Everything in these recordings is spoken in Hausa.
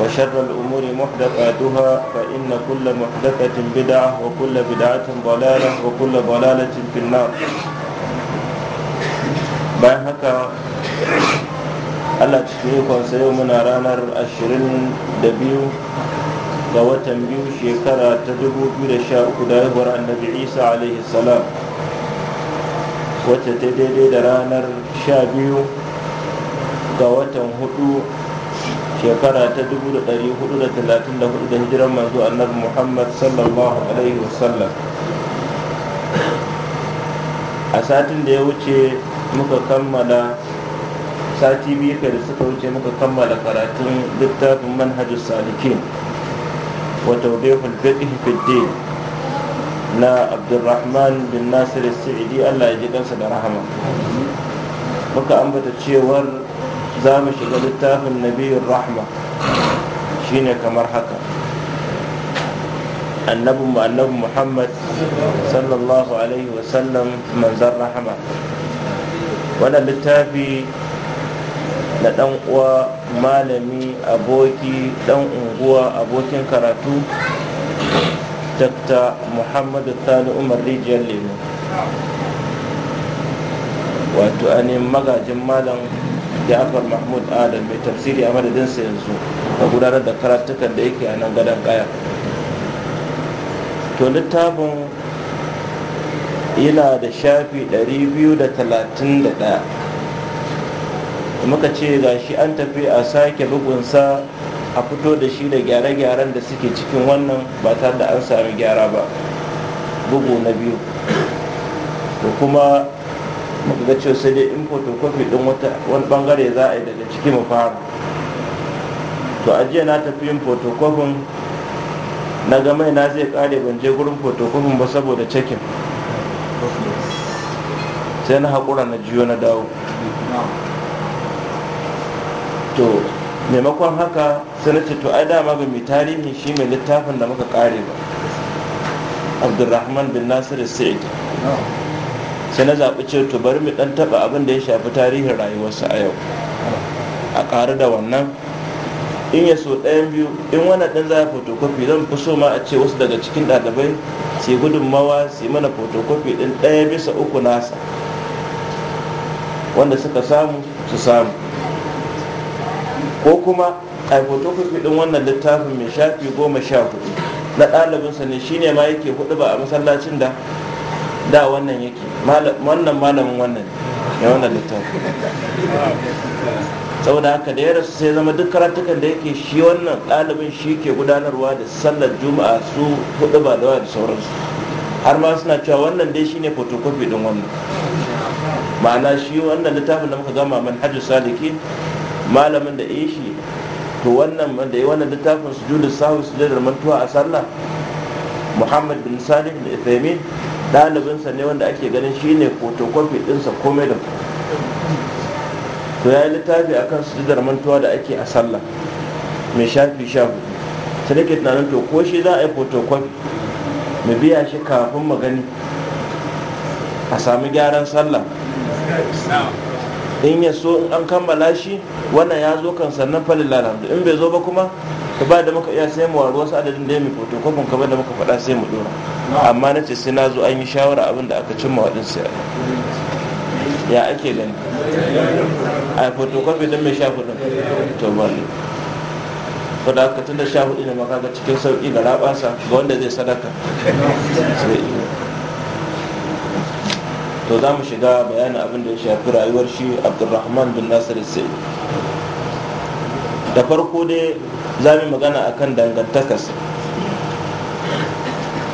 وشر الأمور محدثاتها فإن كل محدثة بدعة وكل بدعة ضلالة وكل ضلالة في النار bayan haka Allah cikin ikonsa yau muna ranar 22 ga watan biyu shekara ta 2013 da haihuwar annabi isa alaihi salam wacce ta daidai da ranar 12 ga watan hudu. shekara ta 434 da hijiran manzo annabi muhammad sallallahu alaihi wasallam a satin da ya wuce muka kammala sati biyu da suka wuce muka kammala karatun littafin manhajar salikin wato behul fiqh fidde na abdulrahman bin nasir sa'idi allah ya ji kansa da rahama muka ambata cewar za mu shiga littafin nabiyin rahma shine kamar haka annabin annabin muhammad sallallahu alaihi wasallam manzan rahama wannan littafi na dan uwa malami aboki dan unguwa abokin karatu dakta muhammadu Sani umar rijiyar lemu wato ainihin magajin malam jafar mahmud adam mai tafsiri a madadinsa yanzu da gudanar da karatukan da yake a nan gadon kaya to littafin yana da shafi 231 muka ce ga shi an tafi a sake bugunsa a fito da shi da gyare-gyaren da suke cikin wannan ba tare da an sami gyara ba bugu na biyu da kuma muka ga cewa sai dai in photocopy din wata wani bangare za a yi daga ciki mu fara to a jiya na tafi yin photocopy na ga mai na zai kare ban je gurin photocopy ba saboda cekin sai na haƙura na jiyo na dawo to maimakon haka sai na ce to ai dama ba mai tarihi shi mai littafin da muka kare ba abdulrahman bin Nasiru sa'id sai na zaɓi ce to bari mu ɗan taɓa abin da ya shafi tarihin rayuwarsa a yau a ƙaru da wannan in ya so ɗayan biyu in wannan ɗan za a fotokofi zan fi so ma a ce wasu daga cikin ɗalibai su gudunmawa su mana fotokofi ɗin ɗaya bisa uku nasa wanda suka samu su samu ko kuma a fotokofi ɗin wannan littafin mai shafi goma sha hudu na ɗalibinsa ne shine ma yake hudu ba a masallacin da da wannan yake wannan malamin wannan ya wannan littafin. saboda haka da ya rasu sai zama duk karatukan da yake shi wannan ɗalibin shi ke gudanarwa da sallar juma'a su hudu ba da da sauransu har ma suna cewa wannan dai shine photocopy din wannan ma'ana shi wannan littafin da muka gama hajji Saliki, malamin da ya shi to wannan da ya wannan littafin su judu sahu jadar mantuwa a sallah muhammad bin salim da ithaimin ɗalibinsa ne wanda ake ganin shine fotokofi ɗinsa komai da to ya yi littafi akan sujudar mantuwa da ake a sallah mai shafi sha hudu sai nake tunanin to ko shi za a yi fotokofi. mu biya shi kafin magani a sami gyaran sallah in ya so in an kammala shi wannan ya zo kan sannan falin in bai zo ba kuma ka ba da muka iya sai mu waru wasu adadin da ya mai fotokofin kamar da muka faɗa sai mu dora amma na ce sai na zo an yi shawara abin da aka cimma waɗansu ya ya ake gani a fotokofi don mai sha hudun to bari ko da haka tun da sha hudu ne maka ga cikin sauƙi ga rabasa ga wanda zai sadaka to za mu shiga bayanin abin da ya shafi rayuwar shi abdulrahman bin nasir sai da farko dai za mu magana a kan dangantakarsa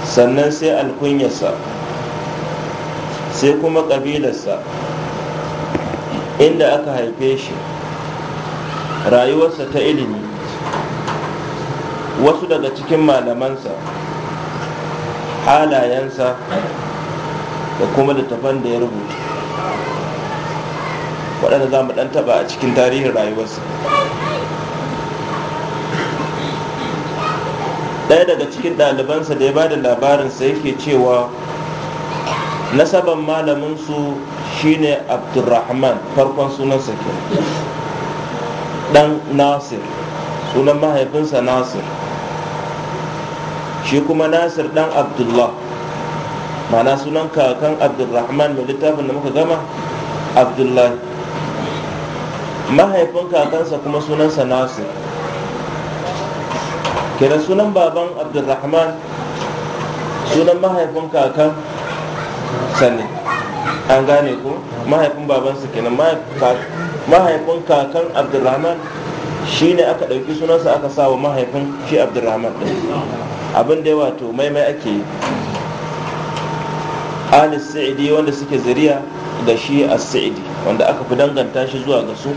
sannan sai alkunyarsa sai kuma ƙabilarsa inda aka haife shi rayuwarsa ta ilimi wasu daga cikin malamansa halayensa da kuma littafan da ya rubuta waɗanda za mu ɗan taɓa a cikin tarihin rayuwarsa ɗaya daga cikin ɗalibansa da ya ba da labarinsa yake cewa nasaban malaminsu shine abdurrahman farkon sa ke dan nasir sunan mahaifinsa nasir shi kuma nasir dan abdullah mana sunan kakan abdurrahman mai littafin da muka gama abdullahi mahaifin kakansa kuma sunansa nasir kenan sunan baban abdulrahman sunan mahaifin kakan sani an gane ku mahaifin babansa kenan mahaifin kakan abdulrahman shi ne aka ɗauki sunansa aka sa wa mahaifin shi abdulrahman ɗin abin da ya wato maimai ake yi alis sa'idi wanda suke zuriya ga shi a sa'idi wanda aka fi danganta shi zuwa ga su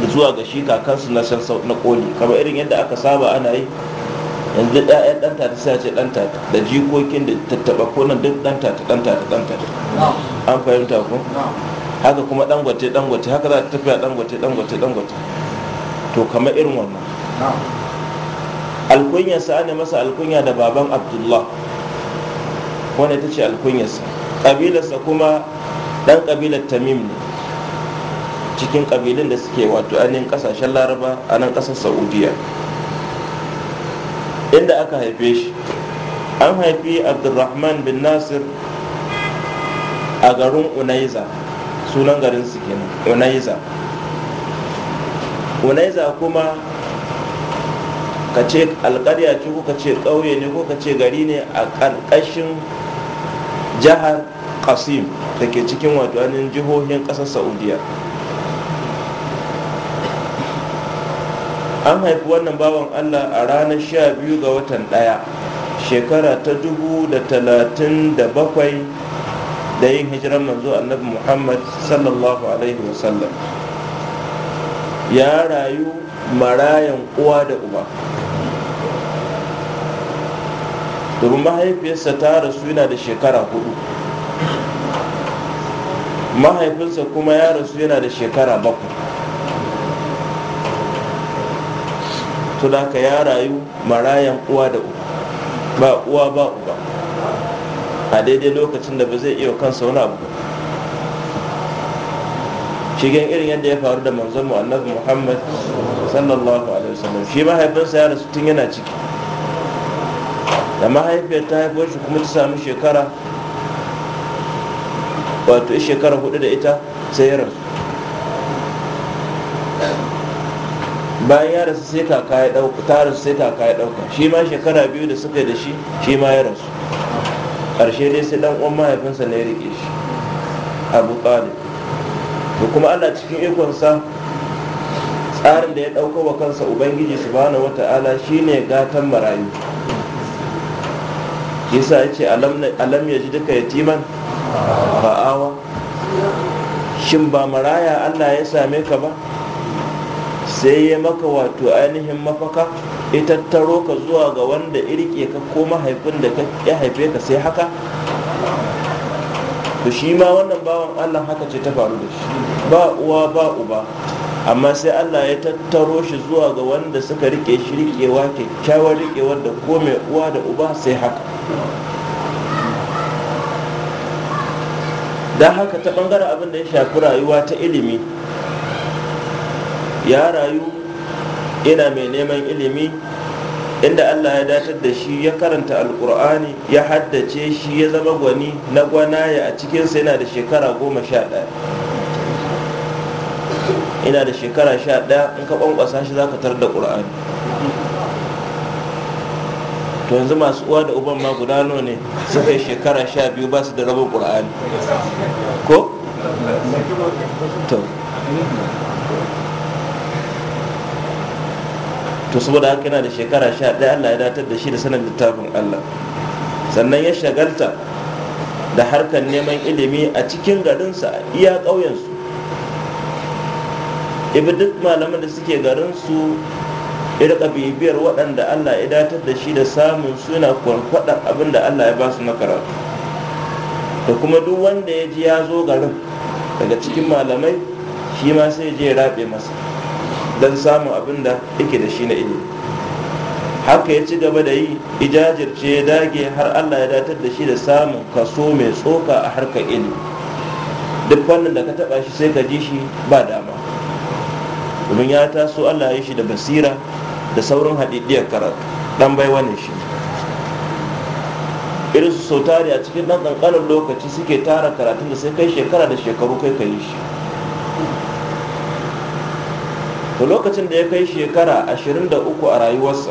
da zuwa ga shi kakansu na shan na koli kamar irin yadda aka saba ana yi yanzu ɗayan ɗanta ta sai ce ɗanta da jikokin da tattaɓa ko nan duk ɗanta ta ɗanta ta ɗanta an fahimta ko haka kuma ɗangote ɗangote haka za ta tafiya ɗangote ɗangote ɗangote to kamar irin wannan alkunyarsa ne masa alkunya da baban abdullah wanda ta ce alkunyarsa ƙabilarsa kuma ɗan ƙabilar tamim ne cikin kabilun da suke wato ainihin ƙasashen laraba a nan kasar saudiya inda aka haife shi an haifi abdulrahman bin nasir a garin unaiza sunan garin su kenan unaiza unaiza kuma ka ce alkarya ce ko ka ce ƙauye ne ko ka ce gari ne a ƙarƙashin jihar kasim da ke cikin wato jihohin ƙasar saudiya an haifi wannan bawan allah a ranar sha biyu ga watan ɗaya shekara ta dubu da talatin da bakwai da yin hijiran manzo annabi muhammad sallallahu alaihi wasallam ya rayu marayan uwa da uba domin mahaifiyarsa ta rasu yana da shekara hudu mahaifinsa kuma ya rasu yana da shekara bakwai to da ka ya rayu marayan uwa da uba ba uwa ba uba a daidai lokacin da ba zai iya kansa wani abu shigen irin yadda ya faru da manzon mu annabi muhammad sallallahu alaihi wasallam shi mahaifinsa ya rasu tun yana ciki da mahaifiyar ta haifo shi kuma ta samu shekara wato shekara hudu da ita sai ya rasu bayan ya rasu sai kaka ya dauka ta rasu sai kaka ya dauka shi ma shekara biyu da suka yi da shi shi ma ya rasu ƙarshe dai sai dan uwan mahaifinsa ne ya rike shi abu talib da kuma ana cikin ikonsa tsarin da ya dauka wa kansa ubangiji subhanahu wata'ala shine gatan marayu yasa ce alam ya ji duka yatiman Ba'awa. shin ba maraya Allah ya same ka ba sai ya maka wato ainihin mafaka ya tattaro ka zuwa ga wanda irke ka ko mahaifin da ya haife ka sai haka to shi ma wannan bawan allah haka ce ta faru da shi ba uwa ba uba amma sai allah ya tattaro shi zuwa ga wanda suka rike shi rikewa kyakkyawar rikewar da ko mai uwa da uba sai haka don haka ta bangaren abin da ya shafi rayuwa ta ilimi ya rayu yana mai neman ilimi inda allah ya datar da shi ya karanta alkur'ani ya haddace shi ya zama gwani na gwanaya a cikinsa yana da shekara goma sha ɗaya ina da shekara sha ɗaya in ka ƙwanƙwasa shi za ka tar da ƙur'ani to yanzu masu uwa da uban ma guda nawa ne suka yi shekara sha biyu ba su da rabin ƙur'ani ko? to saboda haka yana da shekara sha ɗaya allah ya datar da shi da sanar littafin allah sannan ya shagalta da harkar neman ilimi a cikin garinsa a iya ƙauyensu ibi duk malaman da suke garinsu iri bibiyar waɗanda allah ya datar da shi da samun suna kwarkwaɗar abin da allah ya ba su da kuma duk wanda ya ji ya zo garin daga cikin malamai shi ma sai je ya raɓe masa don samun abin da yake da shi na ilimi haka ya ci gaba da yi ijajirce ya dage har allah ya datar da shi da samun kaso mai tsoka a harkar ilimi duk wannan da ka taba shi sai ka ji shi ba dama domin ya taso allah ya shi da basira da saurin haɗiɗiyar karatu dan bai wani shi irin su sautari a cikin ɗan kankanin lokaci suke tara karatun da sai kai shekara da shekaru kai ka yi shi to lokacin da ya kai shekara 23 a rayuwarsa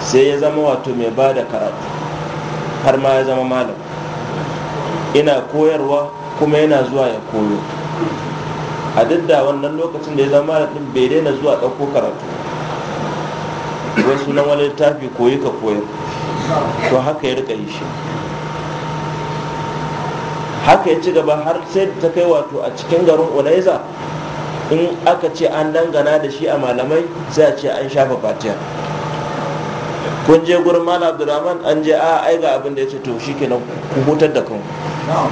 sai ya zama wato mai ba da karatu har ma ya zama malam ina koyarwa kuma yana zuwa ya koyo a duk da wannan lokacin da ya zama malam bai daina zuwa ɗauko karatu wasu nan wani littafi koyi ka koyar to haka ya rika yi shi haka ya ci gaba har sai ta kai wato a cikin garin unaiza in aka ce an dangana da shi a malamai sai a ce an shafa fatiya. kun je gurin malam abdulrahman an je a ai ga abin da ya ce to shi kenan ku hutar da kanku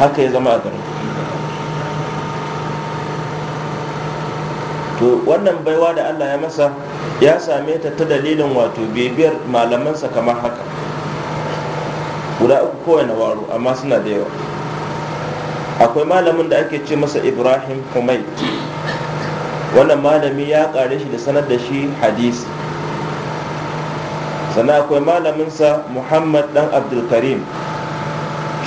haka ya zama a garin to wannan baiwa da allah ya masa ya same ta ta dalilin wato bibiyar malamansa kamar haka guda uku kowane waro amma suna da yawa akwai malamin da ake ce masa ibrahim Kumai. wannan malami ya kare shi da sanar da shi hadisi sannan akwai malaminsa muhammad dan abdulkarim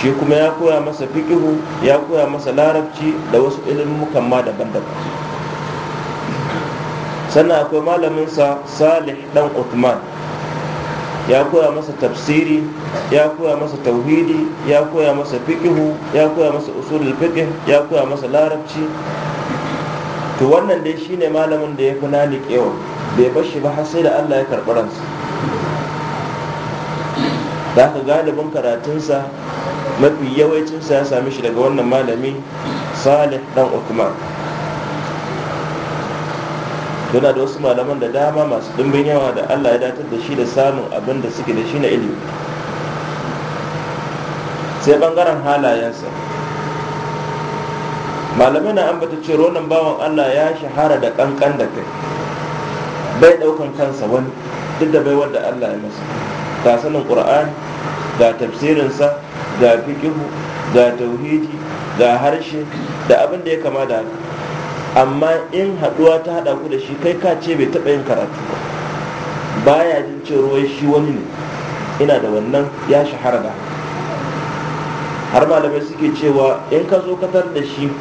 shi kuma ya koya masa fikihu ya koya masa larabci da wasu ilimin ma daban-daban sannan akwai malaminsa salih dan uthman ya koya masa tafsiri ya koya masa tauhidi ya koya masa fikihu ya koya masa usulul fiqh ya koya masa larabci to wannan dai shine malamin da ya fi nani kewa bai bar shi ba har sai da Allah ya karɓi ransa da haka galibin karatunsa mafi yawancinsa ya sami shi daga wannan malami salih dan Uthman yana da wasu malaman da dama masu dimbin yawa da allah ya datar da shi da samun abin da suke da shi na ilimi sai bangaren halayensa malamai na ambata ce ronan bawan allah ya shahara da kankan da kai bai daukan kansa wani duk da bai wanda allah ya masa ga sanin ƙura'an ga tafsirinsa ga fikihu ga tauhidi ga harshe da abin da ya kama da haka amma in haɗuwa ta haɗa ku da shi kai ka ce bai taɓa yin karatu ba baya jin cewa shi wani ne ina da wannan ya shahara da har malamai suke cewa in ka zo katar da shi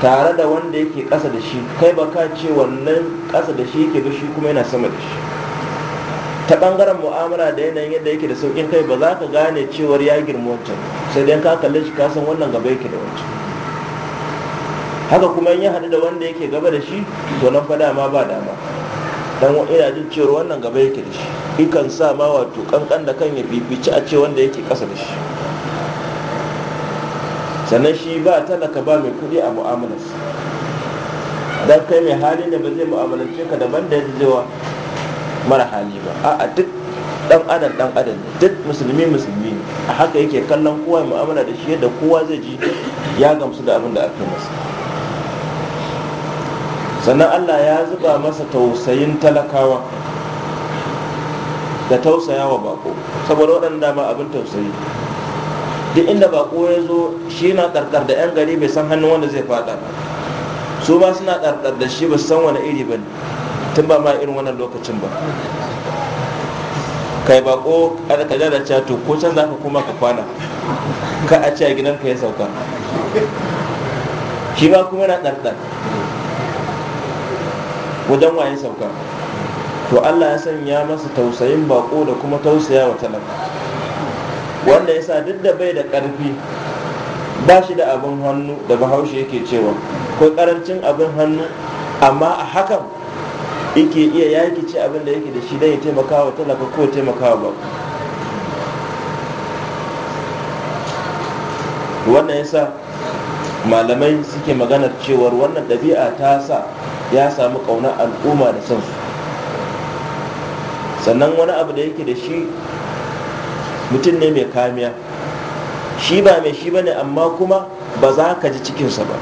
tare da wanda yake ƙasa da shi kai ba ka ce wannan ƙasa da shi yake ba shi kuma yana sama da shi ta bangaren mu'amala da yanayin yadda yake da sauƙin kai ba za ka gane cewar ya girma wancan sai dai ka kalle shi ka san wannan gaba yake da wancan haka kuma in ya hadu da wanda yake gaba da shi to nan fada ma ba dama dan ina jin cewar wannan gaba yake da shi ikan sa ma wato kankan da kan ya bibici a ce wanda yake kasa da shi sannan shi ba talaka ba mai kuɗi a mu'amalar dan kai mai hali ne ba zai mu'amalance ka daban da yadda zai wa mara hali ba a'a duk dan adam dan adam duk musulmi musulmi ne a haka yake kallon kowa mu'amala da shi yadda kowa zai ji ya gamsu da abin da aka masa sannan allah ya zuba masa tausayin talakawa da tausaya wa bako saboda waɗanda ma abin tausayi duk inda bako ya zo shi na ɗarɗar da 'yan gari bai san hannun wanda zai faɗa su ma suna ɗarɗar da shi ba su san wani iri ba ne, tun ba ma irin wannan lokacin ba kai bako ana kaja da cato ko can za ka koma ka kwana ka a ce a gidan ka ya sauka shi ba kuma na ɗarɗar wajen waye sauka to allah ya sanya masa tausayin bako da kuma tausaya wa talaka wanda ya sa duk da bai da ƙarfi ba shi da abin hannu da bahaushe yake cewa ko ƙarancin abin hannu amma a hakan yake iya yaki ce abin da yake da shi don ya taimaka wa talaka ko taimaka wa bako wannan ya sa malamai suke maganar cewar wannan ɗabi'a ta sa ya samu ƙaunar al'umma da son su sannan wani abu da yake da shi mutum ne mai kamiya shi ba mai shi ba ne, amma kuma ba za ka ji cikinsa ba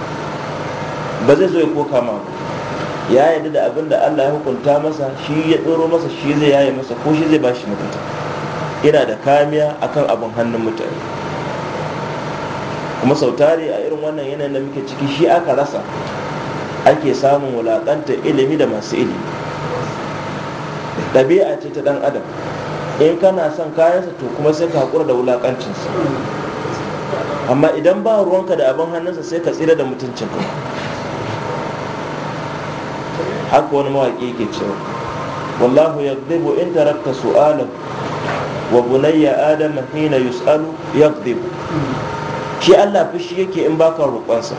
ba zai zo ya koka ma ya yarda da abin da Allah ya hukunta masa shi ya tsoro masa shi zai yaye masa ko shi zai bashi mafita yana da kamiya akan abin hannun mutane kuma sautari a irin wannan yanayin da muke ciki shi aka rasa ake samun wulaƙanta, ilimi da masu ilimi ɗabi'a ce ta ɗan adam in kana son kayansa to kuma sai ka haƙura da wulaƙancinsa amma idan ba ruwanka da abin hannunsa sai ka tsira da mutuncinka haka wani mawaƙi yake cewa wallahu yagdibu in tarakta su'alahu wa bunayya adama hina yus'alu yagdibu shi Allah fushi yake in baka roƙonsa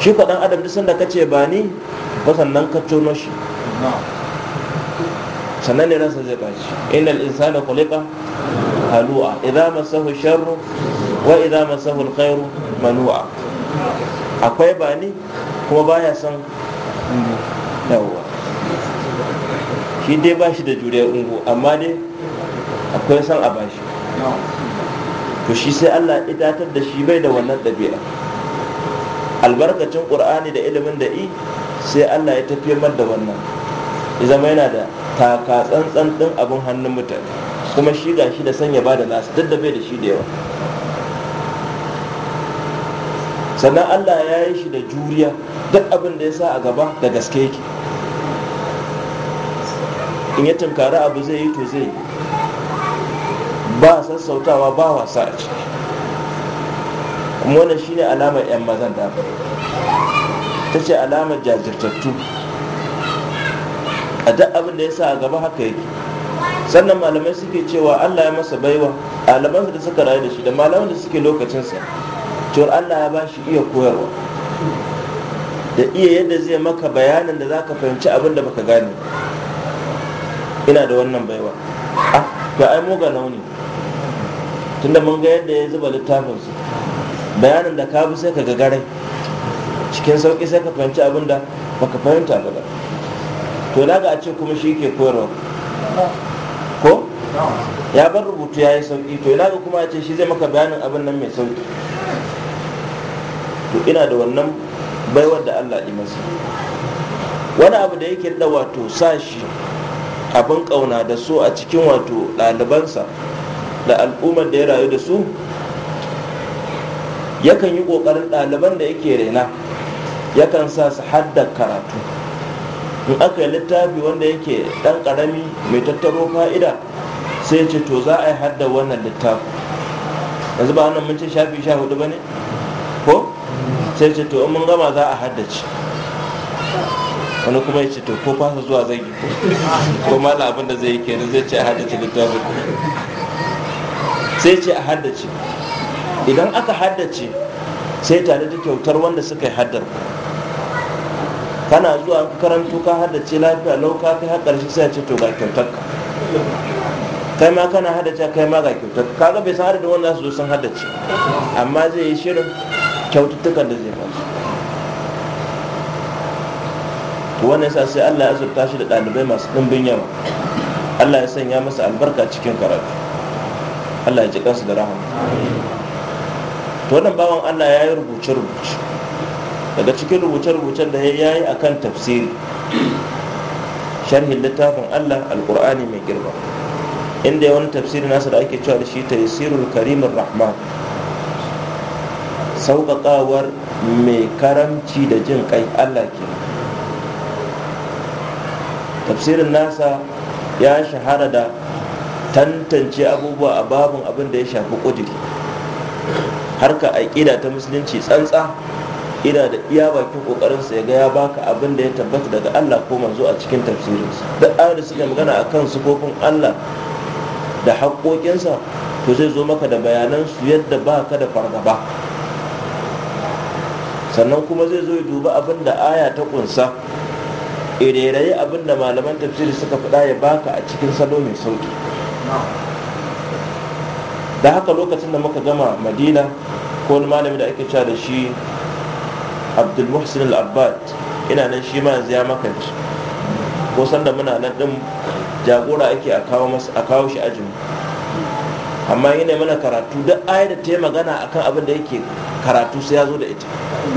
shi ko dan adam duk sanda ce ba ni ba sannan ka tono shi sannan ne ransa zai baci innal insana kulika halu'a idza masahu sharru wa idza masahu alkhairu manu'a akwai ba ni kuma baya son yawwa shi dai ba shi da juriya ungu amma dai akwai son a bashi to shi sai Allah idatar da shi bai da wannan ɗabi'a albarkacin ƙur'ani da ilimin da'i sai allah ya tafi mar da wannan ya zama yana da taka tsantsan ɗin abin hannun mutane kuma shi ga shi da sanya ba da nasu duk da bai da shi da yawa sannan allah ya yi shi da juriya duk abin da ya sa a gaba da gaske yake in ya tunkari abu zai yi to zai yi ba sassautawa ba wasa a ciki kuma wannan shine alamar 'yan mazan da ta ce alamar jajirtattu a duk abin da ya sa a gaba haka yake sannan malamai suke cewa allah ya masa baiwa alamansa da suka rayu da shi da malaman da suke lokacinsa cewar allah ya ba shi iya koyarwa da iya yadda zai maka bayanin da za ka fahimci abin da baka gane ina da wannan baiwa ah to ai ga launi tunda mun ga yadda ya zuba littafinsu. bayanin da ka bi sai ka gagarai cikin sauƙi sai ka fahimci abin da baka fahimta ba to ga a ce kuma shi ke koyarwa ko ya bar rubutu ya yi sauƙi to ga kuma a ce shi zai maka bayanin abin nan mai sauƙi to ina da wannan baiwar da Allah ɗi masa wani abu da yake da wato sa-shi abin ƙauna da so a cikin wato ɗalibansa da al'ummar da ya rayu da su yakan yi ƙoƙarin ɗaliban da yake rena yakan sa su hadda karatu in aka yi littafi wanda yake ɗan ƙarami mai tattaro fa'ida sai ce to za a yi hadda wannan littafi yanzu ba wannan mun ce shafi sha hudu ba ne ko sai ce to in mun gama za a haddace wani kuma ya ce to ko fasa zuwa zai yi ko mala abin da zai yi kenan zai ce a haddace littafin sai ce a haddace idan aka haddace sai tare da kyautar wanda suka yi haddar kana zuwa karantu ka haddace lafiya lau ka kai har shi sai ce to ga kyautar ka kai ma kana haddace kai ma ga kyautar kaga bai san da wanda su zo sun haddace amma zai yi shirin kyaututtukan da zai fasu Wani wannan yasa sai Allah ya azurta shi da ɗalibai masu ɗumbin yawa Allah ya sanya masa albarka cikin karatu Allah ya ji kansu da rahama wannan bawan allah ya yi rubuce-rubuce daga cikin rubuce-rubucen da ya yi a kan tafsiri sharhin littafin allah alkur'ani mai girma inda ya wani tafsiri nasa da ake cewa da shi tafsirul karimin rahman sauƙaƙawar mai karamci da jin ƙai allah ke tafsirin nasa ya shahara da tantance abubuwa a babin abin da ya shafi ƙudiri harka aƙida ta musulunci tsantsa ina da iya bakin kokarin sa ga ya baka abin da ya tabbata daga Allah ko manzo a cikin tafsirinsa duk ayar da suke magana akan kofin Allah da haƙoƙinsa to zai zo maka da bayanan su yadda ba ka da fargaba sannan kuma zai zo ya duba abin da aya ta ƙunsa, irairayi abin da malaman tafsiri suka faɗa ya baka a cikin salo mai sauki da haka lokacin da muka gama madina ko wani malami da ake cewa da shi abdul muhsin al-abbad ina nan shi ma yanzu ya makanci ko sanda muna nan din jagora ake a kawo shi ajin amma yana mana karatu duk ayar da ta yi magana akan abin da yake karatu sai ya zo da ita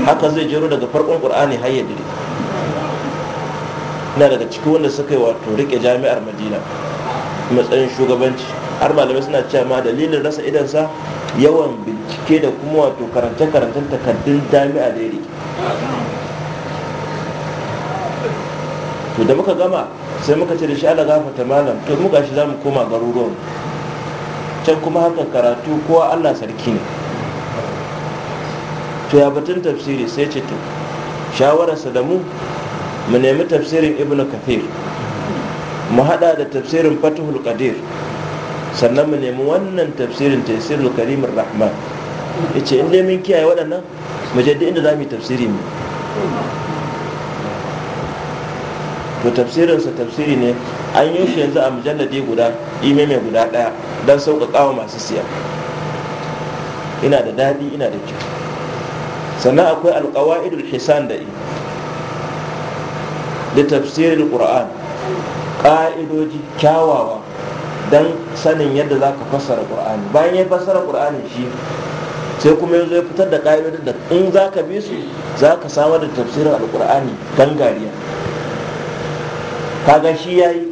haka zai jero daga farkon qur'ani har ya dire ina daga cikin wanda suka yi wato rike jami'ar madina matsayin shugabanci har malamai suna cewa ma dalilin rasa sa yawan bincike da kuma wato karance-karancen takardun jami'a da yare to da muka gama sai muka ce da shi ala gafata malam to muka shi za mu koma garuruwan can kuma haka karatu kowa allah sarki ne to ya batun tafsiri sai ce to shawararsa da mu mu nemi tafsirin ibnu kafir mu hada da tafsirin fatihul qadir sannan mu nemi wannan tafsirin tafsirul karimin rahman ya ce inda min kiyaye waɗannan mu je inda za mu yi tafsiri ne to tafsirinsa tafsiri ne an yi shi yanzu a mujalladi guda ime mai guda ɗaya don sauƙaƙawa masu siya ina da daɗi ina da kyau sannan akwai idul hisan da da tafsirin ƙura'an ƙa'idoji kyawawa don sanin yadda za ka fassara ƙur'ani bayan ya fassara ƙur'ani shi sai kuma ya zo ya fitar da ƙa'idodin da in za ka bi su za ka samar da tafsirin alƙur'ani gariya. kaga shi ya yi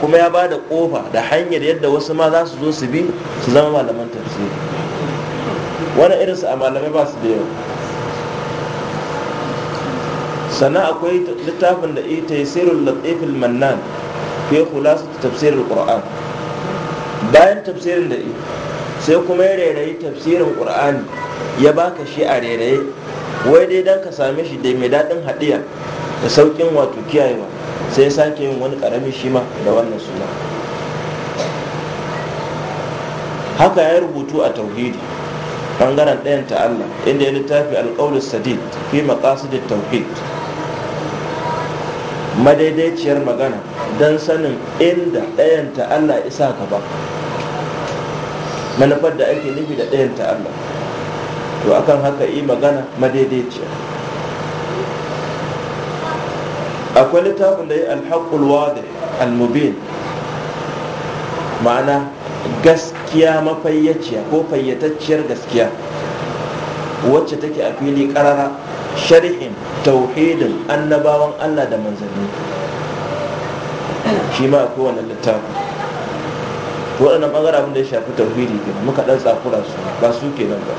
kuma ya ba da ƙofa da hanyar yadda wasu ma za su zo su bi su zama malaman tafsiri wani irin su a malamai ba su da yawa. sannan akwai littafin da ita ya sirrin latifin mannan fi su tafsirin alƙur'ani bayan tafsirin da sai kuma ya rairayi tafsirin ƙur'ani ya baka shi a rairaye wai dai don ka same shi da mai daɗin haɗiya da sauƙin wato kiyayewa sai sake yin wani ƙaramin shi ma da wannan suna haka ya rubutu a tauhidi bangaren ɗayan ta Allah inda ya littafi alƙawlus sadid fi maqasidit tauhid madaidaiciyar magana don sanin inda ɗayan ta Allah isa ka ba manufar da ake nufi da ɗayan ta Allah to akan haka yi magana madaidaiciya akwai littafin da ya alhaƙul wada almubin ma'ana gaskiya mafayyaciya ko fayyatacciyar gaskiya wacce take a fili ƙarara shari'in tauhidin annabawan allah da manzanni shi ma akwai kowane littafin waɗannan ɓangaren abin da ya shafi tauhidi kenan muka ɗan tsakura su ba su kenan ba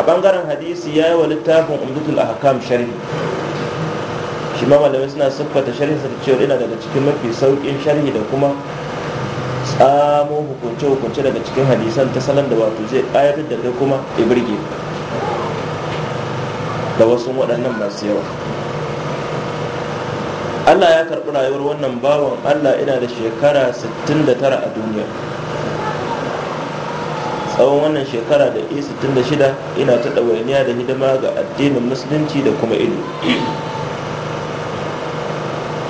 a ɓangaren hadisi ya yi wa littafin umdutul ahkam sharhi shi ma malamai suna siffata sharhi sa cewa yana daga cikin mafi sauƙin sharhi da kuma tsamo hukunce-hukunce daga cikin hadisan ta salon da wato zai ƙayatar da kai kuma ibirgi da wasu waɗannan masu yawa allah ya karɓi rayuwar wannan bawan allah ina da shekara 69 a duniya tsawon wannan shekara da e 66 ina ta ɗawainiya da hidima ga addinin musulunci da kuma ido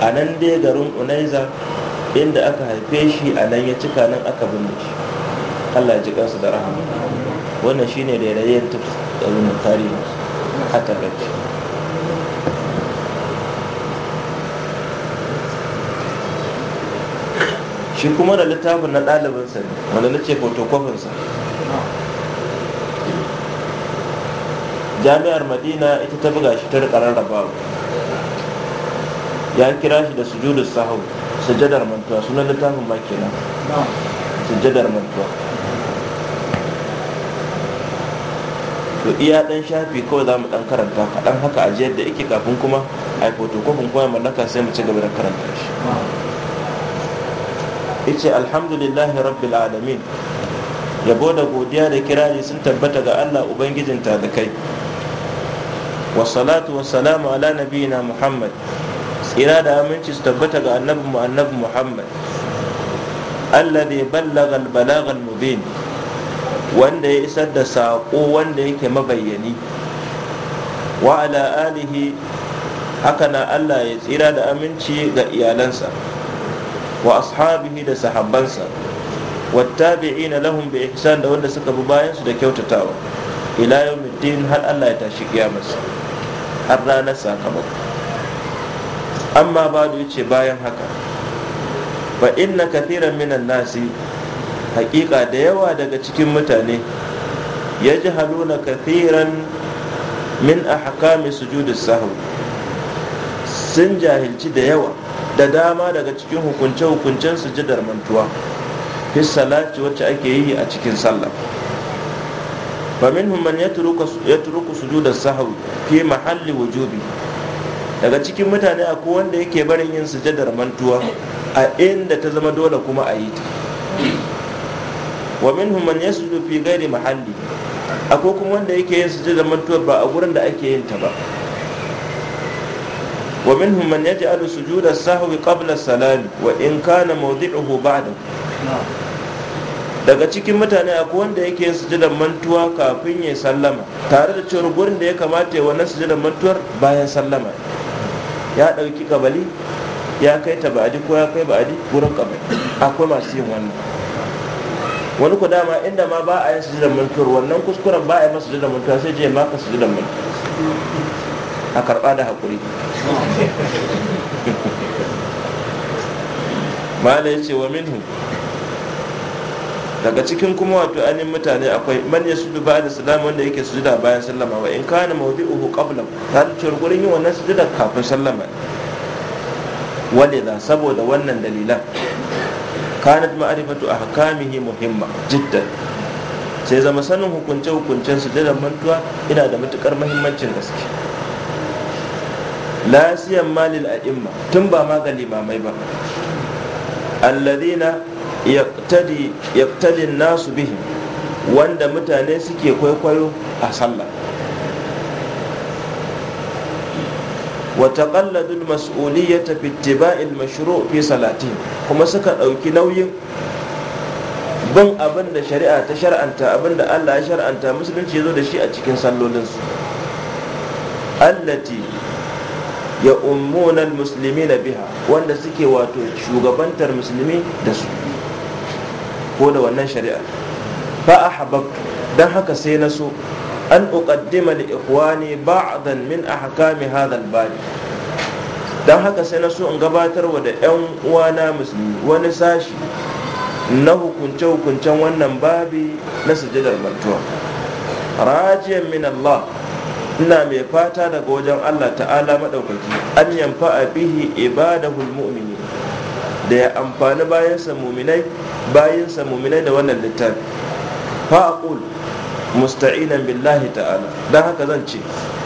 a nan dai garin unaiza inda aka haife shi a nan ya cika nan aka binne shi allah ya ji kansu da rahama wannan shine da yanayin tarihi a tarihi shi kuma na littafin na ɗalibinsa ne wanda na ce fotokofinsa jami'ar madina ita ta buga shi ta rikarar rabawa ya kira shi da sujudu su sujadar mantuwa sunan littafin makina su sujadar mantuwa to iya dan shafi kawai za mu dan karanta kaɗan haka ajiyar da yake kafin kuma a yi fotokofin kuma mallaka sai mu ci gaba da karanta shi yace alhamdulillahi rabbil alamin yabo da godiya da kirari sun tabbata ga Allah ubangijin salatu wasalatu salamu ala nabiyina muhammad tsira da aminci su tabbata ga annabi mu annabi muhammad alladhi ballaga al-balagha al-mubin wanda ya isar da saƙo wanda yake mabayyani wa ala alihi haka na Allah ya tsira da aminci ga iyalansa wa ashabihi da sahabbansa wattabi'ina lahum bi ihsan da wanda suka bi bayan su da kyautatawa ila din har Allah ya tashi kiyamarsa har ranar sakamako amma ba da yace bayan haka fa inna kathiran minan nasi hakika da yawa daga cikin mutane Ya haluna kathiran min ahkami sujudis sahwi sun jahilci da yawa da dama daga cikin hukunce-hukuncen sujadar mantuwa fi salati wacce ake yi a cikin sallah fa minhum man yatruku sujudar sahwi fi mahalli wujubi daga cikin mutane akwai wanda yake barin yin sujadar mantuwa a inda ta zama dole kuma a yi ta wa minhum man yasjudu fi ghairi mahalli akwai kuma wanda yake yin sujadar mantuwa ba a gurin da ake yin ta ba wa minhum man yaj'alu sujuda sahwi qabla salami wa in kana mawdi'uhu daga cikin mutane akwai wanda yake yin sujudan mantuwa kafin ya sallama tare da cewar gurin da ya kamata ya wannan sujudan mantuwar bayan sallama ya ɗauki kabali ya kai ta ba'adi ko ya kai ba'adi gurin kabali akwai masu yin wannan wani ku dama inda ma ba a yin sujudan mantuwar wannan kuskuren ba a yi masa sujudan mantuwa sai je maka sujudan mantuwa a karɓa da haƙuri mala ya cewa wa minhu daga cikin kuma wato ainihin mutane akwai man ya sudu ba da salama wanda yake jida bayan sallama wa in kana mawdi'uhu qabla ta cewar gurin yi wannan jida kafin sallama walidha saboda wannan dalilan kanat a hakamihi muhimma jiddan sai zama sanin hukunce hukuncen sujudar mantuwa ina da matukar muhimmancin gaske la siyan malil a'imma tun ba ma ga limamai ba alladhina yaqtadi yaqtadi nasu bihi wanda mutane suke kwaikwayo a sallah wa taqalladu al-mas'uliyyata bi ittiba'i al-mashru' fi salatihim kuma suka dauki nauyin bin abin da shari'a ta shar'anta abin da Allah ya shar'anta musulunci ya zo da shi a cikin sallolinsu allati ya ummunan musulmi na biha wanda suke wato shugabantar musulmi da su ko da wannan shari'a fa ahbabtu dan haka sai na so an uƙaddima li ikhwani ba'dan min ahkami hadha hadal bani. dan haka sai na so in wa da yan uwana musulmi wani sashi na hukunce hukuncen wannan babi na sujadar mantuwa rajiyan min Allah ina mai fata daga wajen Allah ta'ala maɗaukaki an yamfa a bihi ibadahul mu'mini da ya amfani bayansa muminai bayansa muminai da wannan littafi fa'aqul musta'inan billahi ta'ala dan haka zan ce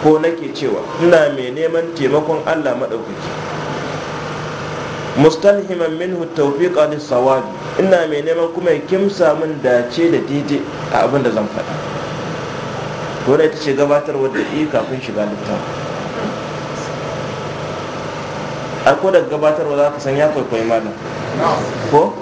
ko nake cewa ina mai neman taimakon Allah maɗaukaki mustalhiman minhu tawfiq lis-sawabi ina mai neman kuma ya kimsa min dace da daidai a abin da zan faɗa dole ita ce gabatar wadda yi kafin shiga littafin a ko daga gabatarwa za ka san ya kwaikwayi malam ko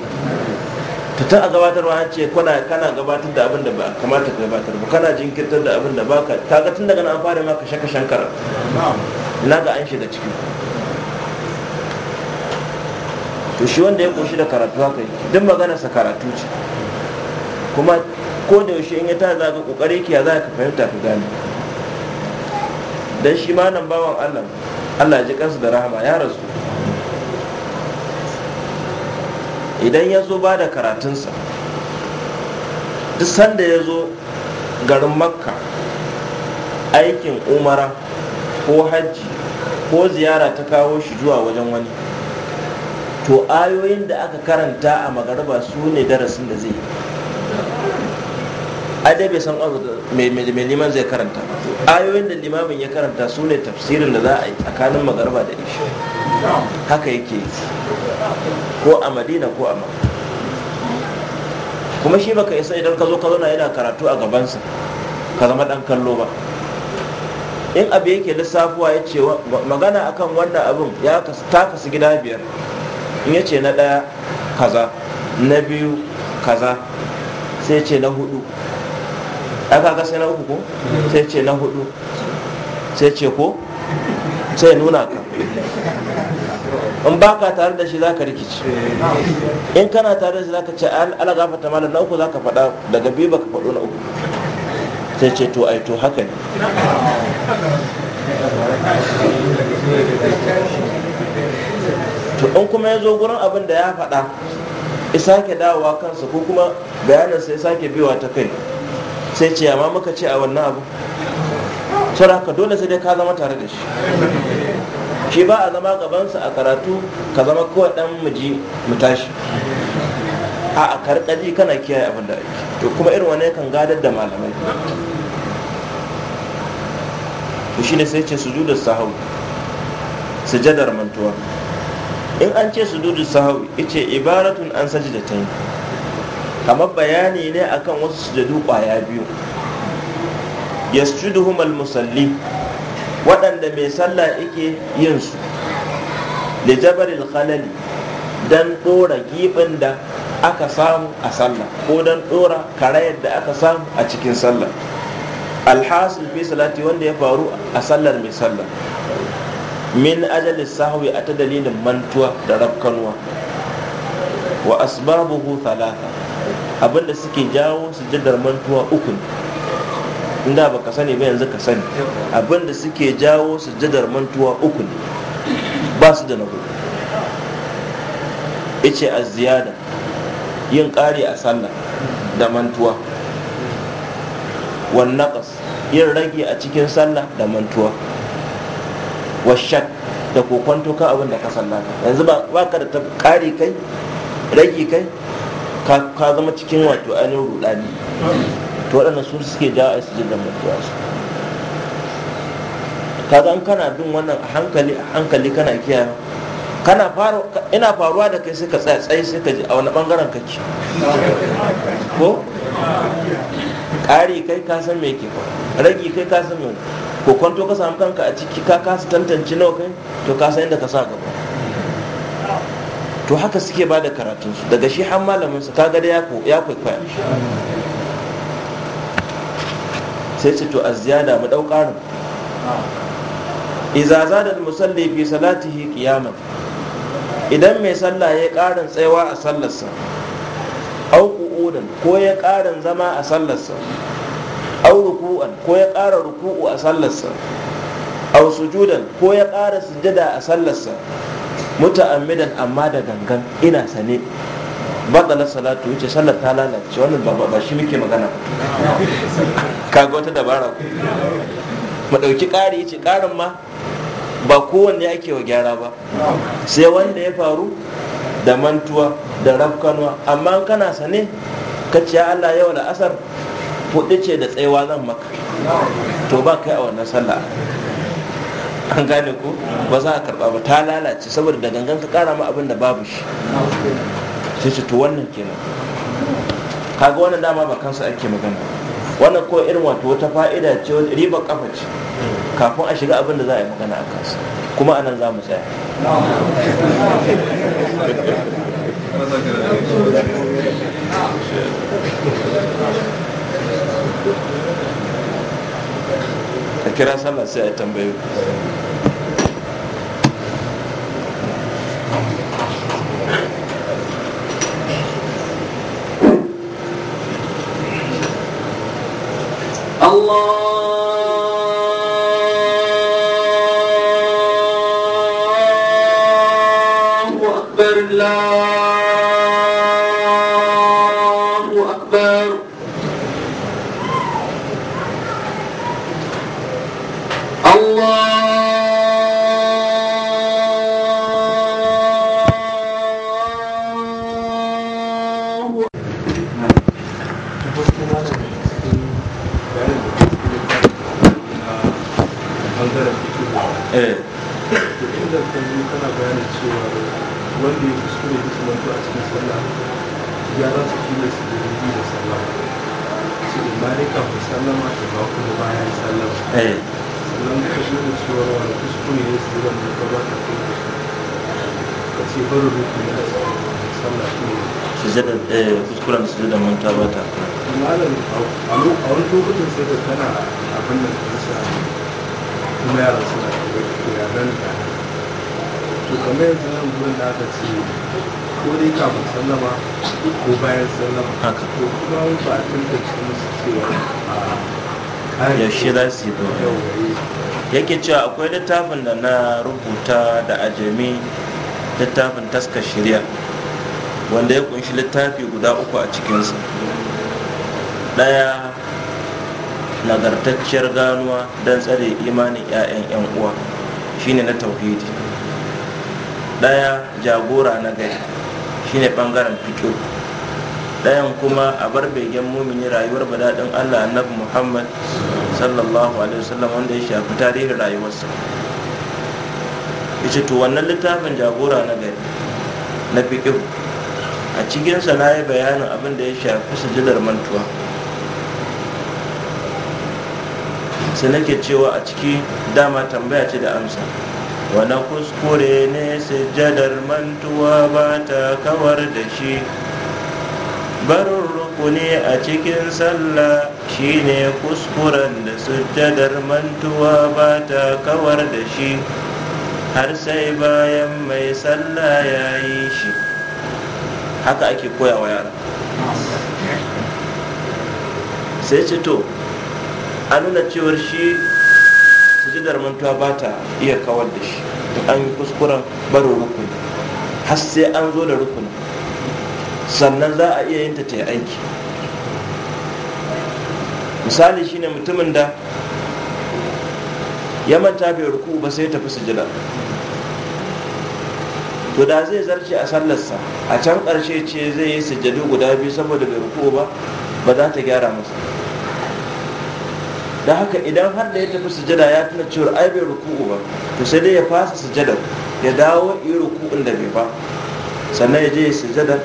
ta ta a gabatarwa an ce kana kana gabatar da abin da ba kamata ka gabatar ba kana jinkirtar da abin da ba ka kaga tun daga nan fara ma ka shaka shankara na ga an shiga ciki to shi wanda ya koshi da karatu haka duk maganarsa karatu ce kuma ko da yaushe in ya ta za ka kokari ki za ka fahimta ka gane dan shi ma nan bawan Allah Allah ji kansa da rahama ya rasu idan ya zo ba da karatunsa duk sanda ya zo garin makka aikin umara ko hajji ko ziyara ta kawo shi zuwa wajen wani to ayoyin da aka karanta a magariba su ne darasin da zai yi ai dai bai san abu mai liman zai karanta ayoyin da limamin ya karanta su ne tafsirin da za a yi tsakanin magarba da ishi haka yake ko a madina ko a maka kuma shi baka isa idan ka zo ka zauna yana karatu a gabansa ka zama dan kallo ba in abu yake lissafuwa ya ce magana akan wannan abin ya ta kasu gida biyar in ya ce na ɗaya kaza na biyu kaza sai ce na hudu aka ga sai na uku ko sai ce na hudu sai ce ko sai nuna ka in ba ka tare da shi za ka rikici in kana tare da shi za ka ce ala gafata malam na uku za ka faɗa daga biyu ba ka faɗo na uku sai ce to ai to haka ne to in kuma ya zo gurin abin da ya faɗa isa ke dawowa kansa ko kuma bayanin sai sake biwa ta kai sai ce amma muka ce a wannan abu shara ka dole sai dai ka zama tare da shi shi ba a zama gabansa a karatu ka zama kawai dan miji mu tashi a karkaji kana kiyaye abin da ake to kuma irin wani kan gadar da malamai to shine sai ce sujudu sahawi sujadar mantuwa in an ce sujudu sahawi ice ibaratun an sajidatayn kamar bayani ne akan wasu sujadu kwaya biyu yasjuduhum al-musalli waɗanda mai sallah yake yin su da jabaril khalali dan ɗora gibin da aka samu a sallah ko don ɗora karayar da aka samu a cikin sallah alhasil fi salati wanda ya faru a sallar mai sallah min ajalis sahwi a ta dalilin mantuwa da rafkanuwa wa asbabuhu thalatha abinda suke jawo sujjadar mantuwa uku ne ba ka sani ba yanzu ka sani abinda suke jawo sujjadar mantuwa uku ne ba su da na ice a ziyada yin ƙari a sallah da mantuwa Wa naqas yin rage a cikin sallah da mantuwa shak da kokwanto ka abin da ka sallata yanzu ba ka da ƙari kai rage kai ka zama cikin wato ainihin rudani to waɗannan su suke jawo a su jirgin mutuwa su ka in kana bin wannan a hankali a hankali kana kiyaye kana faro ina faruwa da kai sai ka tsaye sai ka ji a wani bangaren kake ko ƙari kai ka san me ke fa ragi kai ka san me ko kwanto ka samu kanka a ciki ka kasa tantance nawa kai to ka san inda ka sa gaba to haka suke ba da karatunsu daga shi har malaminsa kaga da ya kwaikwaya sai ce to a ziyada mu ɗau ƙarin iza zada musalli fi salatihi qiyaman idan mai sallah ya ƙarin tsayawa a sallarsa au qu'udan ko ya ƙarin zama a sallarsa au ruku'an ko ya ƙara ruku'u a sallarsa au sujudan ko ya ƙara sujada a sallarsa muta'ammidan amma da gangan ina sane batsala salatu wuce sallar ta lalace wannan ba ba shi muke magana Ka ga wata dabara ku mu ɗauki ƙari yace ƙarin ma ba kowanne ake wa gyara ba sai wanda ya faru da mantuwa da rafkanwa amma kana sane ka ce Allah yau da asar fudi ce da tsayawa zan maka to ba kai a wannan sallah an gane ko ba za a karba ba ta lalace saboda da gangan ka kara ma abin da babu shi sai ce to wannan kenan kaga wannan dama ba kansa ake magana wannan ko irin wato wata fa'ida ce riba kafa ce kafin a shiga abin da za a yi magana a kansa kuma anan za mu tsaya kira sallah sai a tambayo الله أكبر الله aka ce ko dai kafin sallama ko bayan sallama haka ko kuma ba a tantance musu cewa a yaushe za su yi eh. yake cewa akwai littafin da na rubuta da ajami littafin taskar shirya wanda ya kunshi littafi guda uku a cikinsa ɗaya nagartacciyar ganuwa don tsare imanin 'ya'yan 'yan uwa shine na tauhidi ɗaya jagora na gari shine bangaren fito ɗayan kuma a bar begen mumini rayuwar badaɗin allah annabi muhammad sallallahu alaihi wasallam wanda ya shafi tarihin rayuwarsa yace to wannan littafin jagora na gari na fiƙi a cikinsa na yi bayanin abin da ya shafi sujidar mantuwa sai nake cewa a ciki dama tambaya ce da amsa wani kuskure ne sujjadar mantuwa ba ta kawar da shi barin rukuni a cikin sallah shine kuskuren da sujjadar mantuwa ba ta kawar da shi har sai bayan mai sallah ya yi shi haka ake koyawa yara sai ce to a nuna cewar shi sujadar mantuwa ba ta iya kawar da shi an yi kuskuren barin rukuni har sai an zo da rukuni sannan za a iya yin ta ta yi aiki misali shine mutumin da ya manta bai ruku ba sai tafi jira. to da zai zarce a sallarsa a can ƙarshe ce zai yi sujadu guda biyu saboda bai ruku ba ba za ta gyara masa da haka idan har da ya tafi sujada ya tuna cewar ai bai ruku'u ba to sai dai ya fasa sujada ya dawo yi ruku'un da bai ba sannan ya je ya sujada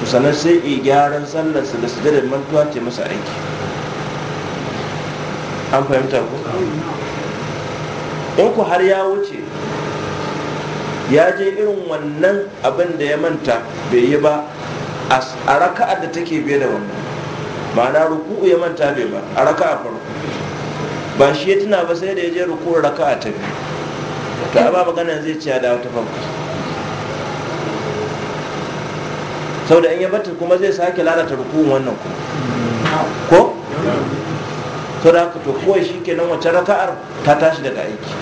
to sannan sai yi gyaran sallarsa da sujada mantuwa ce masa aiki an fahimta ku in ku har ya wuce ya je irin wannan abin da ya manta bai yi ba a raka'ar da take biye da wannan ma'ana ruku'u ya manta bai ba a raka'a farko ba shi ya tuna ba sai da ya je rukuwar raka ta biyu to ba magana zai ci ya dawo ta farko sau da in ya bata kuma zai sake lalata rukuwar wannan kuma ko sau da haka to kowai shi nan wacce raka'ar ta tashi daga aiki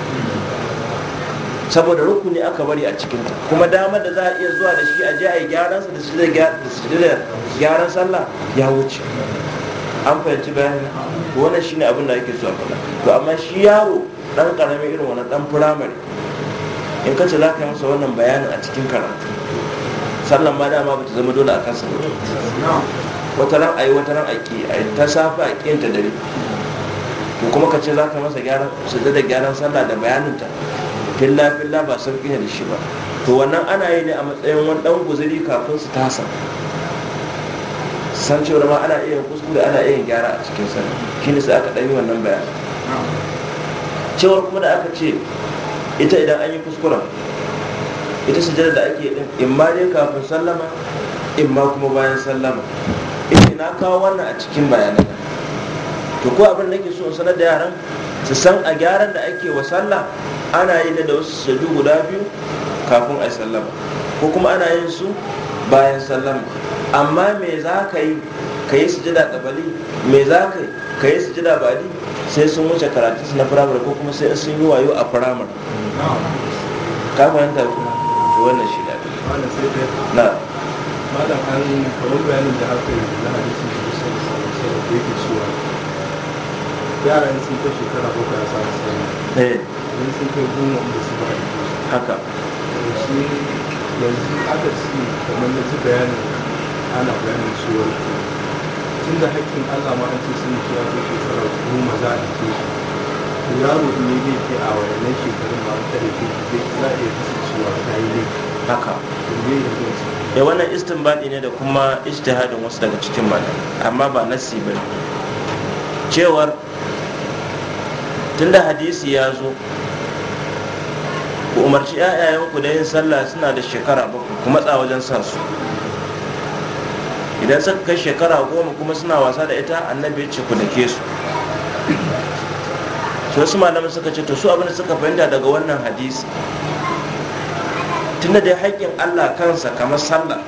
saboda rukuni aka bari a cikinta kuma damar da za a iya zuwa da shi a je a yi gyaransa da su da gyaran sallah ya wuce an fahimci ne wannan ne abin da ake so a faɗa to amma shi yaro dan ƙaramin irin wannan dan firamare in ka ce za ka yi masa wannan bayanin a cikin karatu Sannan ma dama ba ta zama dole a kansa ba wata ran ayi wata ran ake ayi ta safa a kiyan ta dare to kuma ka ce za ka masa gyaran da gyaran sallah da bayanin ta filla filla ba sauƙi ne da shi ba to wannan ana yi ne a matsayin wani dan guzuri kafin su tasa san cewar ma ana iya kuskure ana iya gyara a cikin sa shi ne sai aka ɗan yi wannan bayan cewar kuma da aka ce ita idan an yi kuskuren ita sujada da ake din in ma dai kafin sallama in ma kuma bayan sallama ina na kawo wannan a cikin bayanan to ko abin da nake so in sanar da yaran su san a gyaran da ake wa sallah ana yin da wasu sujadu guda biyu kafin a sallama ko kuma ana yin su bayan sallama amma me za ka yi ka yi sujada ƙabali me za ka yi ka yi sujada badi sai sun wuce karatun su na firamare ko kuma sai sun yi wayo a firamare ka fahimta ku to wannan shi da na malam an kamar bayanin da haka yi na hadisin da kusa da sarrafa da yake cewa yaran sun kai shekara bakwai a samun sarrafa eh. don sun kai goma da su ba haka shi yanzu aka ce kamar na ji bayanin ana bayanin cewar tun da haƙƙin allah ma an ce sun ce ya shekara goma za a ke shi. yaro ne zai ke a wayannan shekarun ma an tare ke zai za a iya kasancewa ta yi ne haka ne ya eh, wannan istinbadi ne da kuma ijtihadin wasu daga cikin malamai amma ba nasi ba cewar tunda hadisi ya zo ku umarci 'ya'yayanku da yin sallah suna da shekara bakwai ku matsa wajen sa su idan suka kai shekara goma kuma suna wasa da ita annabi ya ce ku dake su su wasu malamin suka ce to su abin suka fahimta daga wannan hadisi tunda da haƙƙin allah kansa kamar sallah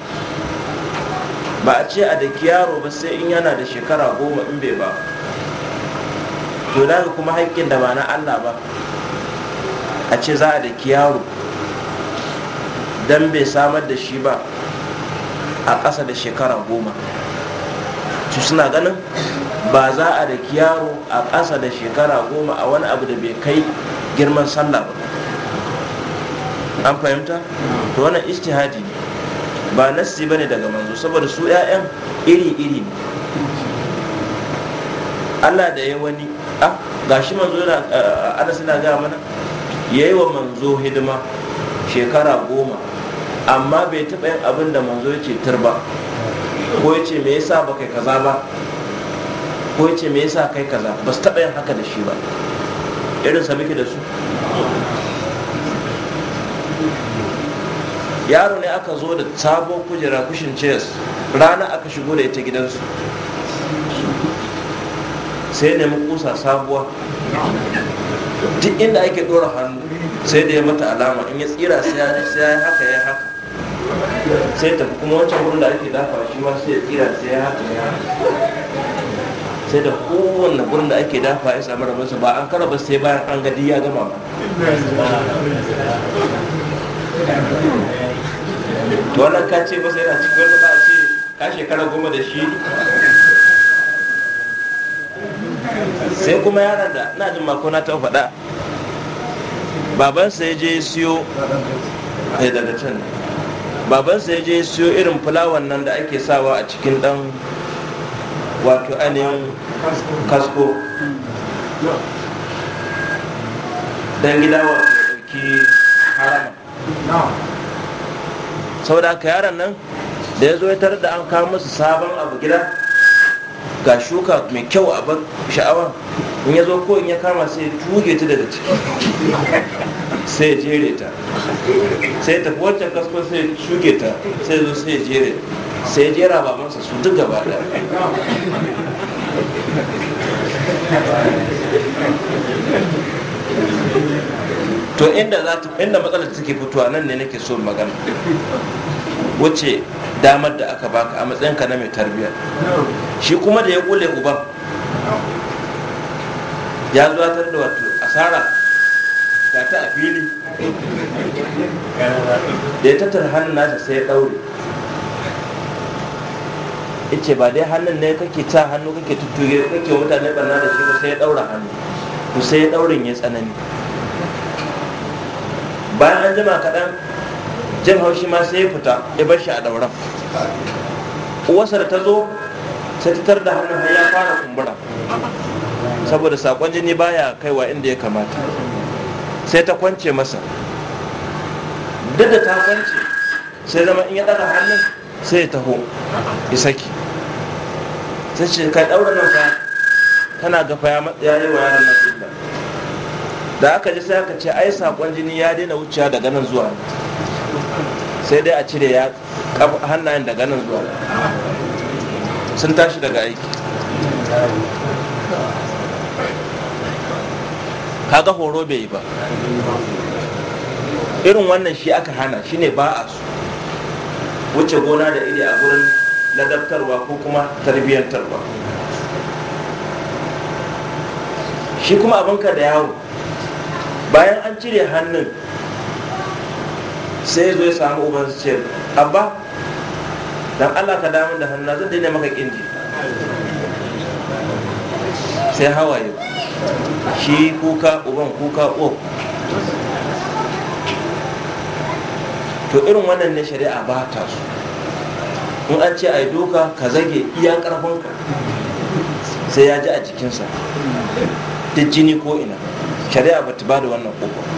ba a ce a daki yaro ba sai in yana da shekara goma in bai ba to da kuma haƙƙin da ba na allah ba a ce za a da yaro don bai samar da shi ba a ƙasa da shekara goma su suna ganin ba za a da yaro a ƙasa da shekara goma a wani abu da bai kai girman sallah ba an fahimta to wannan istihadi ne ba nassi ba ne daga manzo saboda su 'ya'yan iri-iri ne allah da ya wani a ah, gashi manzo yana eh, ana suna gaya mana ya yi wa manzo hidima shekara goma amma bai taɓa yin abin da manzo ya ce tur ba ko ya ce me yasa ba kai kaza ba ko ya ce me yasa kai kaza ba su taɓa yin haka da shi ba irin sa muke da su yaro ne aka zo da sabo kujera kushin chairs rana aka shigo da ita gidansu sai ne mu kusa sabuwa duk inda ake dora hannu sai da ya mata alama in ya tsira sai ya haka ya haka sai ta kuma wancan wurin da ake dafa shi ma sai ya tsira sai ya haka ya sai da kowanne gurin da ake dafa ya samu rabinsa ba an ba sai bayan an gadi ya gama ba wannan ka ce masa yana cikin wani ba a ce ka shekara goma da shi sai kuma yaron da na jin mako na ta faɗa babansa ya je siyo ɗaya eh, daga can babansa ya je siyo irin fulawan nan da ake sawa a cikin ɗan wato ainihin kasko dan gida wato ɗauki harama sau da aka yaron nan da ya zo ya tarar da an kawo musu sabon abu gida ga shuka mai kyau a ban sha'awa in ya zo ko in ya kama sai ya tuge ta daga ciki sai ya jere ta sai ya tafi wancan kasko sai ya shuke ta sai zo sai ya jere sai ya jera babansa su duk gaba da to inda za ta inda matsalar take fitowa nan ne nake so magana wace damar da aka baka a matsayinka na mai tarbiyya shi kuma da ya kule uban ya zuwatar da wato asara ga ta a fili da ya tattara hannun nasa sai ya daure ce ba dai hannun ne kake ta hannu kake tuttuge kake mutane barna da shi ba sai ya daura hannu ku sai ya daurin ya tsanani bayan an jima kaɗan jan haushi ma sai ya fita ya bar shi a dauran uwarsa da ta zo sai ta tar da hannun har ya fara kumbura saboda sakon jini baya kaiwa inda ya kamata sai ta kwance masa duk da ta kwance sai zama in ya daga hannun sai ya taho ya saki sai ce ka daura nan fa tana gafa ya matsaya yi wa masu nan da aka ji sai aka ce ai sakon jini ya daina wucewa daga nan zuwa sai dai a cire ya hannayen daga nan zuwa sun tashi daga aiki kaga horo bai yi ba irin wannan shi aka hana shine ba a su wuce gona da iri a gurin ladabtarwa ko kuma tarbiyyantarwa shi kuma abinka da yawo. bayan an cire hannun sai zo ya samu uban ce abba dan Allah ka damu da hannu zan daina maka kinji sai hawaye shi kuka uban kuka uwa oh. to irin wannan ne shari'a ba ta su in an ce a doka ka zage iya karfinka sai ya ji a jikinsa ta jini ko ina shari'a ba ta ba da wannan kofa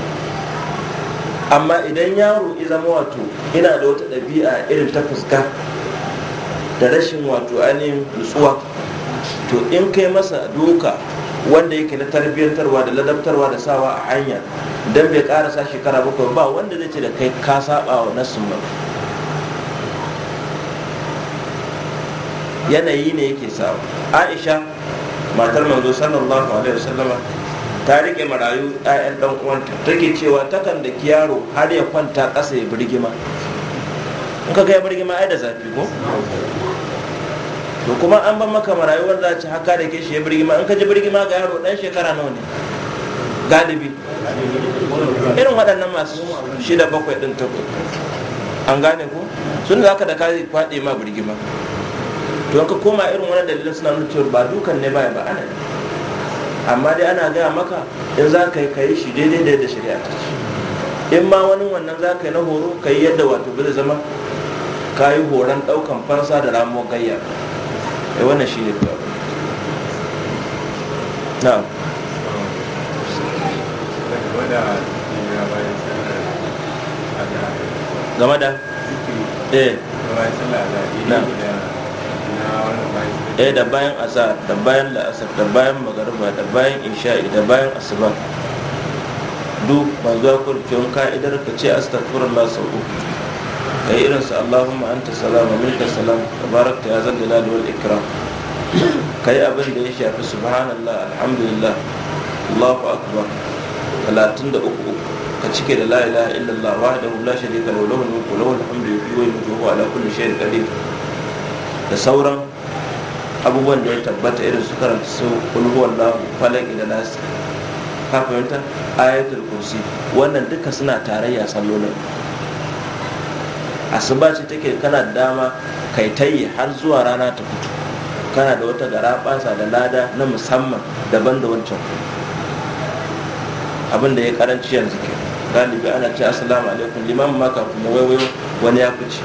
amma idan yaro ya zama wato ina da wata ɗabi'a irin ta fuska da rashin wato ainihin nutsuwa to in kai masa doka wanda yake na tarbiyyantarwa da ladabtarwa da sawa a hanya don bai karasa shekara bakwai ba wanda zai ce da kai ka saba wa nasu ba yanayi ne yake sawa aisha matar manzo sallallahu alaihi wasallama ta rike marayu 'ya'yan dan uwanta take cewa takan da yaro har ya kwanta ƙasa ya birgima in ka kai birgima ai da zafi ko to kuma an ban maka marayuwar za ci haka da ke shi ya birgima in ka ji birgima ga yaro ɗan shekara nawa ne galibi irin waɗannan masu shida bakwai ɗin takwai an gane ko sun za ka da kai kwaɗe ma birgima to ka koma irin wani dalilin suna nuna cewa ba dukan ne ya ba ana ne amma dai ana gaya maka in za ka yi ka yi shi daidai da yadda shari'a ta ce in ma wani wannan za ka yi na horo ka yi yadda wato bai zama ka yi horon ɗaukan fansa da ramuwar gayya ya eh, wannan shi ne kawai na game da eh na wani bayan Ɗaya eh, da bayan azhar da bayan la'asar da bayan magariba da bayan isha'i da bayan asuba duk ba zuwa kurkin ka'idar ka ce astaghfirullah sau uku ka yi irinsu allahumma anta salama minka salam tabarakta ya zalla lalata wal ikram ka yi abin da ya shafi subhanallah alhamdulillah allahu akbar talatin da uku ka cike da la ilaha illallah da la sharika da lahul mulku lahul hamdu yuhyi wa yumiitu wa ala kulli shay'in qadir da sauran abubuwan da ya tabbata irin su karanta su kulhuwan lahu falaki da nasi ka fahimta ayatul kursi wannan duka suna tarayya sallolin asuba ce take kana dama kai tayi har zuwa rana ta fito kana da wata gara basa da lada na musamman daban da wancan abin da ya karanci yanzu ke galibi ana ce assalamu alaikum liman ma kafin waiwayo wani ya fice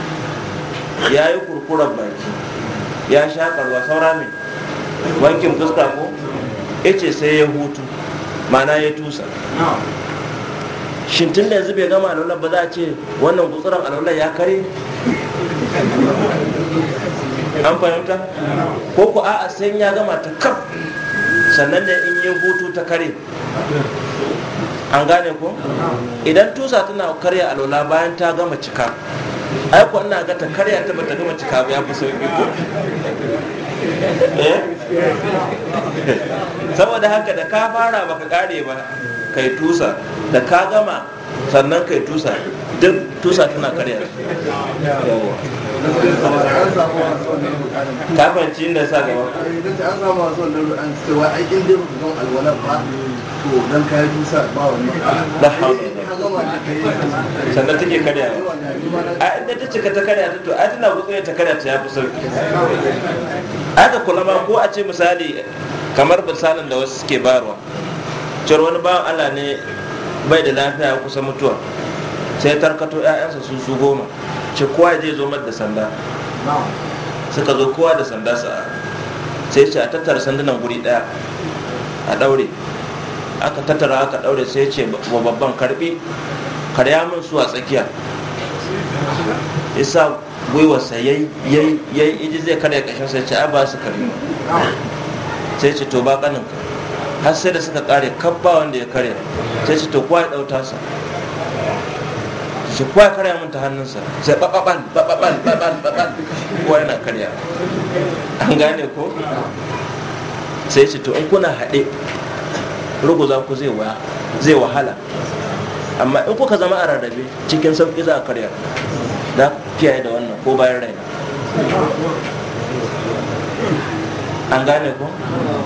ya yi kurkurar baki ya sha karwa saura mai wankin fuska ko ya ce sai ya hutu mana ya tusa shin tun da yanzu bai gama alwallar ba za a ce wannan gutsuran alwallar ya kare an fahimta ko ku a'a sai ya gama ta kaf sannan da in yi hutu ta kare an gane ko idan tusa tana karya alwala bayan ta gama cika ai ko ina ga ta karya ta bata gama cika ya fi sauki ko eh? saboda haka da ka fara baka kare ba kai tusa da ka gama sannan kai tusa duk tusa tana karya ta fanci inda sa gaba an samu wasu wannan an cewa ai dai ba alwala ba to dan kayan tusa ba wannan sannan take yawa a inda ta cika ta kada ta to a tana gutsuwa ta karya ta ya fi sauki aka kula ma ko a ce misali kamar misalin da wasu suke barwa cewar wani bawan allah ne bai da lafiya kusa mutuwa sai tarkato 'ya'yansa sun su goma ce kowa je zo mar da sanda suka zo kowa da sanda sa sai ce a tattara sandunan guri daya a daure aka tattara aka daure sai ce wa babban karbi karya min su a tsakiya isa gwiwarsa ya yi iji zai karya kashin sai ce a ba su karbi sai ce to ba kanin ka har sai da suka kare kabba wanda ya karya sai ce to kuwa ya dauta sa shi kuwa ya karya min ta hannunsa sai bababan bababan bababan bababan kuwa yana karya an gane ko sai ce to in kuna haɗe za ku zai wahala amma in kuka zama a rarrabe cikin sauƙi za a karya da kiyaye da wannan ko bayan raina an gane ko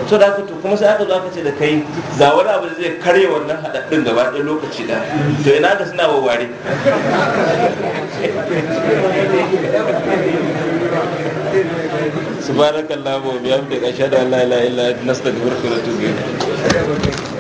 so da to kuma sai aka zo aka ce da kai ga wani abu zai karye wannan haɗaɗɗin gaba ɗaya lokaci da to ina ka suna wawari? subhanakallah wa bihamdika ashhadu an la ilaha illa anta astaghfiruka wa atubu ilayk